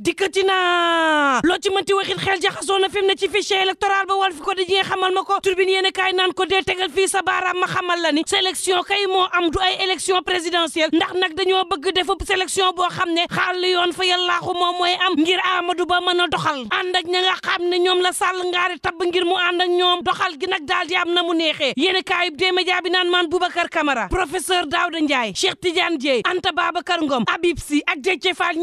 dikkati na loo ci mënti xel jaxasoo na fi mu ne ci fichier électoral ba Walf Quotidien xamal ma ko turbine yéen kaay naan ko dee tegal fii sa ma xamal la ni sélection kay moo am du ay élection présidentielle ndax nag dañoo bëgg defub sélection boo xam ne xaal yoon fa yàllaaxu moom mooy am ngir Amadou Ba mën a doxal ànd ak ña nga xam ne ñoom la sàll ngaari tabb ngir mu ànd ñoom doxal gi nag daal di am na mu neexee yéen kaayub dee média bi naan maan Boubacar Camara professeur Daouda Ndiaye Cheikh Tidiane Dieye Anta Babacar Ngom Habib Sy ak Déthié Fall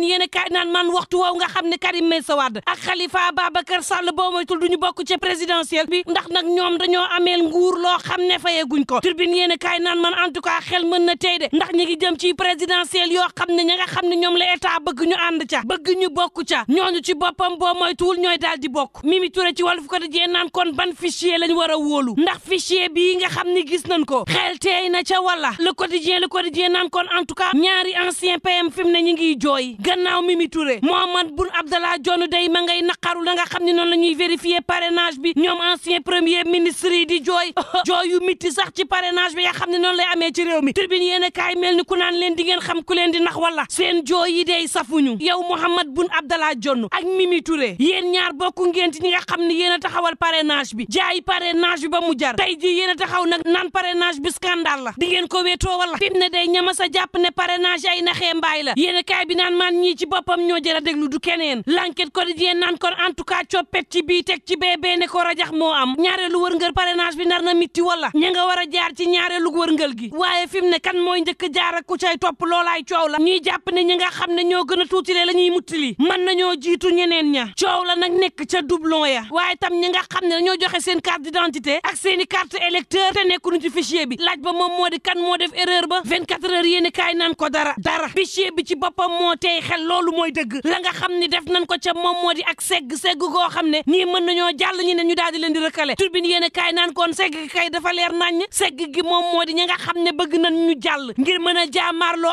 tribune yéen naan man waxtu woow nga xam ne Karim Meïssa Wade ak Khalifa Babacar Sall boo moytul ñu bokk ci présidentielle bi ndax nag ñoom dañoo ameel nguur loo xam ne fayeguñ ko tribune yéen a kaay naan man en tout cas xel mën na tey de ndax ñi jëm ci présidentielle yoo xam ne ña nga xam ne ñoom la état bëgg ñu ànd ca bëgg ñu bokk ca ñooñu ci boppam boo tul ñooy daal di bokk Mimi Touré ci Walf Quotidien naan kon ban fichier lañ war a wóolu ndax fichier bii nga xam ne gis nañ ko na ca wala le quotidien le quotidien naan kon en tout cas ñaari ancien PM fi ñu ngi jooy gannaaw Mimi Touré Mohamed Boun Abdallah Dionne day ma ngay naqaru la nga xam ni noonu la ñuy vérifier parrainage bi ñoom ancien premier ministre yi di jooy jooy yu miti sax ci parrainage bi nga xam ne noonu lay amee ci réew mi tribune yéen a kaay ku naan leen di ngeen xam ku leen di nax wala seen jooy yi day safuñu yow Mohamed Boun Abdallah Dionne ak Mimi Touré yéen ñaar bokku ngeen ci ñi nga xam ni yéen a taxawal parrainage bi jaay parrainage bi ba mu jar ji yéen a taxaw nag naan parrainage bi scandale la di ngeen ko wéetoo wala fi mu ne day ñama sa jàpp ne parrainage ay naxee mbaay la yéen a bi naan maan ñoom ci boppam ñoo jëra déglu du keneen l'enquête quotidien naan kon en tout cas coppet ci bii teg ci bee bee ne ko rajax moo am ñaareelu wërngël parrainage bi nar na mitti wala ña nga war a jaar ci ñaareelu wërngël gi waaye fi mu ne kan mooy njëkk jaar ak ku cay topp loolaay coow la ñuy jàpp ne ñi nga xam ne ñoo gën a tuutilee la ñuy muttili mën nañoo jiitu ñeneen ña coow la nag nekk ca doublon ya waaye tam ñi nga xam ne ñoo joxe seen carte d'identité ak seeni carte électeur te ci fichier bi laaj ba moom moo di kan moo def erreur ba 24 heures yéen kaay naan ko dara dara fichier bi ci boppam moo tey xel loolu mooy dëgg la nga xam ni def moom moo di ak segg segg goo xam ne ñii mën nañoo jàll ñi ne ñu daal di leen di rëkkale turbine yéen a kaay naan koon segg gi kay leer nañ segg gi moom di ña nga xam ne bëgg nañ ñu jàll ngir mën a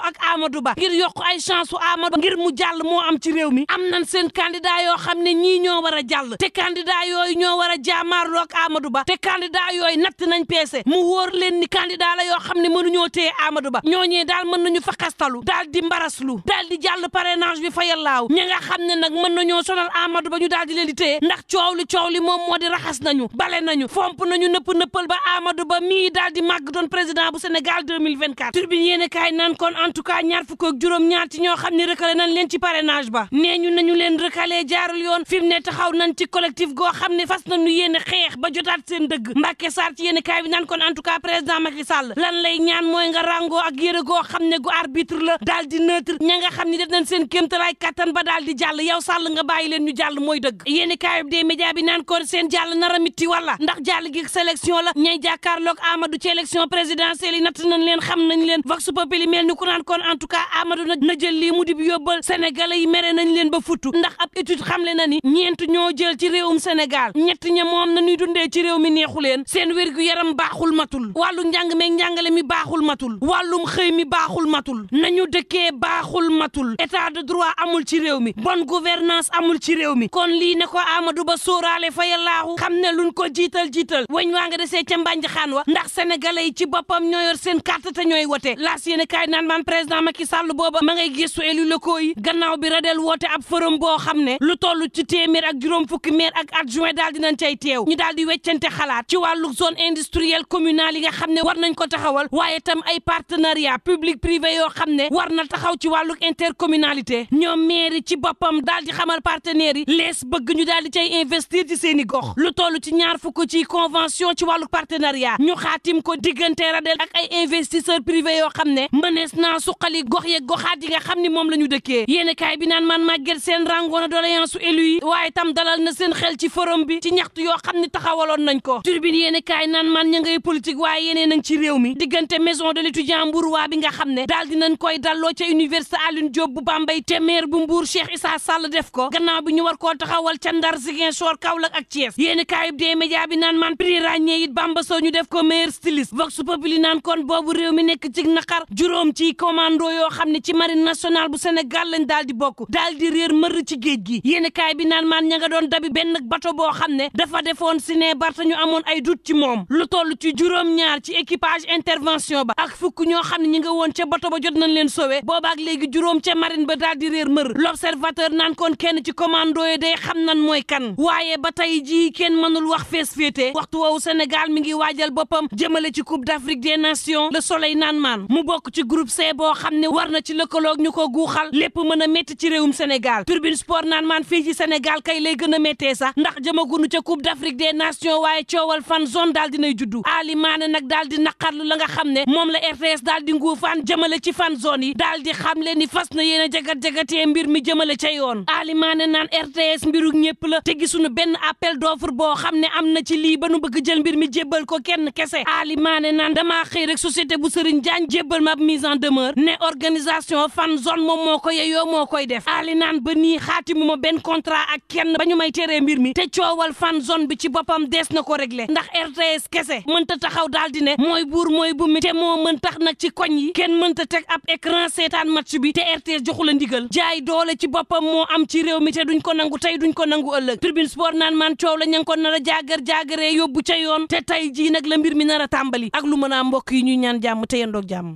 ak Amadou Ba ngir yokk ay chance u Amadou Ba ngir mu jàll moo am ci réew mi am nañ seen yoo xam ne ñii ñoo war a jàll te candidat yooyu ñoo war a jaamaarloo ak Amadou Ba te candidat yooyu natt nañ peese mu wóor leen ni candidat la yoo xam ne mënuñoo téye Amadou Ba ñooñee daal mën nañu fa xastalu daal di mbaraslu daal di jàll pare parrainage bi fayal laaw ña nga xam ne nag mën nañoo sonal Amadou Ba ñu daal di leen di téye ndax coow li coow li moom moo di raxas nañu bale nañu fomp nañu nëpp nëppal ba Amadou Ba mii daal di màgg doon président bu Sénégal 2024 turbine yéene kaay naan kon en tout cas ñaar fukk ak juróom-ñaar ci ñoo xam ne rëkkale nañ leen ci parrainage ba nee ñu nañu leen rëkkale jaarul yoon fi mu ne taxaw nañ ci collectif goo xam ne fas nañu yéene xeex ba jotaat seen dëgg Mbacke Sarr ci yéene kaay bi naan kon en tout cas président Macky Sall lan lay ñaan mooy nga ràngoo ak yére goo xam ne gu arbitre la daal di neutre ña nga xam ne def nañ seen kéemtalaay kattan ba daal di jàll yow sàll nga bàyyi leen ñu jàll mooy dëgg yéeni kaayub des média bi naan ko seen jàll nar a mitti wala ndax jàll gi sélection la ñay jàkkaarloog Amadou ci élection présidentielle yi natt nañ leen xam nañ leen vox populi mel ni ku naan kon en tout cas Amadou na jël mu di bi yóbbal sénégalais yi mere nañ leen ba futtu ndax ab étude xamle na ni ñeent ñoo jël ci réewum Sénégal ñett ña moom na ñuy dundee ci réew mi neexu leen seen wér-gu-yaram baaxul matul wàllu njàng meeg njàngale mi baaxul matul wàllum xëy mi baaxul matul nañu dëkkee baaxul matul état de droit amul ci réew mi bonne gouvernance amul ci réew mi kon lii ne ko Amadou Ba sooraale fa yallaahu xam ne luñ ko jiital jiital weñ waa nga desee ca mbànjaxaan wa ndax sénégalais yi ci boppam ñoo yor seen carte te ñooy wote laas yéen kaay naan maan président Macky Sall booba ma ngay gëstu élu locaux yi gannaaw bi radel woote ab forum boo xam ne lu toll ci téeméer ak juróom fukki maire ak adjoint daal dinañ cay teew ñu daal di weccante xalaat ci wàllu zone industrielle communale yi nga xam ne war nañ ko taxawal waaye tam ay partenariat public privé yoo xam ne war na taxaw ci wàllu intercommunal finalité ñoom mairie ci boppam daal di xamal partenaires yi lees bëgg ñu daal di cay investir ci seen gox lu toll ci ñaar fukk ci convention ci wàllu partenariat ñu xaatim ko diggante Radel ak ay investisseurs privés yoo xam ne mënees naa suqali gox yeeg goxaat yi nga xam ni moom la ñu dëkkee yéen kaay bi naan man màgget seen rangoon a doléance su élu yi waaye tam dalal na seen xel ci forum bi ci ñaxtu yoo xam ni taxawaloon nañ ko turbine yéen kaay naan man ña ngay politique waaye yéenee nañ ci réew mi diggante maison de l'étudiant Mbour waa bi nga xam ne daal dinañ koy dalloo ca université Bambey te maire bu Mbour Cheikh Issa Sall def ko gannaaw bi ñu war koo taxawal ca Ndar Ziguinchor Kaolack ak Thiès yéeni kaayub dee média bi naan man prix ràññee Bamba Sow ñu def ko maire styliste vox populi naan kon boobu réew mi nekk ci naqar juróom ci commando yoo xam ne ci marine nationale bu Sénégal lañ daal di bokk daal di ci géej gi yéeni kaay bi naan maan ña nga doon dabi benn bato boo xam ne dafa defoon si ne barta ñu ay dut ci moom lu toll ci juróom-ñaar ci équipage intervention ba ak fukk ñoo xam ne ñi nga woon ca bato ba jot nañ leen sowe boobaak léegi juróom ca ba daal di réer mër l'observateur naan kon kenn ci commando yi day xam nan mooy kan waaye ba tey jii kenn mënul wax fees féete waxtu woowu Sénégal mi ngi waajal boppam jëmale ci coupe d'Afrique des nations le soleil naan maan mu bokk ci groupe C boo xam ne war na ci lëkkaloog ñu ko guuxal lépp mën a métti ci réewum Sénégal turbine sport naan maan fii ci Sénégal kay lay gën a méttee sax ndax jëmagunu ca coupe d'Afrique des nations waaye coowal fan zone daal dinay juddu Ali Mané nag daal di naqarlu la nga xam ne moom la RTS daal di nguufaan jëmale ci fan zone yi daal di xam leen ni fas na jagat-jagatee mbir mi jëmale ca yoon aalimaane naan RTS mbiru ñëpp la te gisuñu benn appel d'offre boo xam ne am na ci lii ba nu bëgg jël mbir mi jébbal ko kenn kese aalimaane naan damaa xëy rek bu Serigne Diagne jébbal ma ab mise en demeure ne organisation fan zone moom moo ko yeyoo moo koy def aali naan ba nii xaatimu ma benn contrat ak kenn ba ñu may teree mbir mi te coowal fan zone bi ci boppam dees na ko réglé ndax RTS kese mënta taxaw daal di ne mooy buur mooy bu moo mën tax nag ci koñ yi kenn mënta teg ab écran seetaan bi te soxla ndigal jaay doole ci boppam moo am ci réew mi te duñ ko nangu tey duñ ko nangu ëllëg tribune sport naan man coow la ña ngi ko nar jaagar jaagaree yóbbu ca yoon te tey jii nag la mbir mi nar a tàmbali ak lu mën a mbokk yi ñuy ñaan jàmm te yendoog jàmm